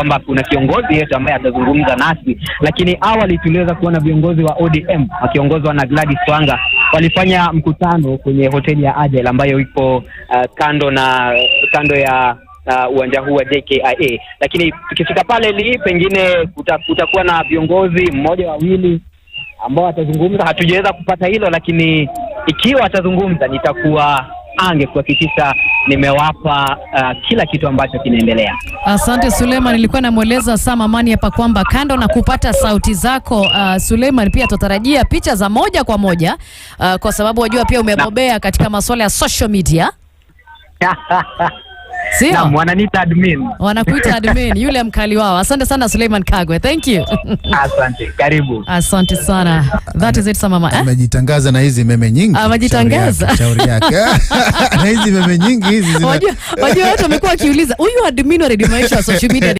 kwamba kuna kiongozi yetu ambaye atazungumza nasi, lakini awali tuliweza kuona viongozi wa ODM wakiongozwa na Gladys Wanga walifanya mkutano kwenye hoteli ya ajel ambayo ipo uh, kando na kando ya uh, uwanja huu wa JKIA, lakini tukifika pale lii pengine kuta, kutakuwa na viongozi mmoja wawili ambao watazungumza. Hatujaweza kupata hilo, lakini ikiwa atazungumza nitakuwa ange kuhakikisha nimewapa uh, kila kitu ambacho kinaendelea. Asante Suleiman, nilikuwa namweleza Sam Amani hapa kwamba kando na kupata sauti zako uh, Suleiman, pia tutarajia picha za moja kwa moja uh, kwa sababu wajua pia umebobea katika masuala ya social media Sio? wananiita admin. Wanakuita admin, yule mkali wao. Asante sana Suleiman Kagwe. Thank you. Asante. Karibu. Asante sana. That is it Samama. Eh? Amejitangaza na hizi meme nyingi. Amejitangaza. Shauri yake. Na hizi meme nyingi hizi. Wajua, wajua watu wamekuwa wakiuliza, huyu admin wa Radio Maisha social media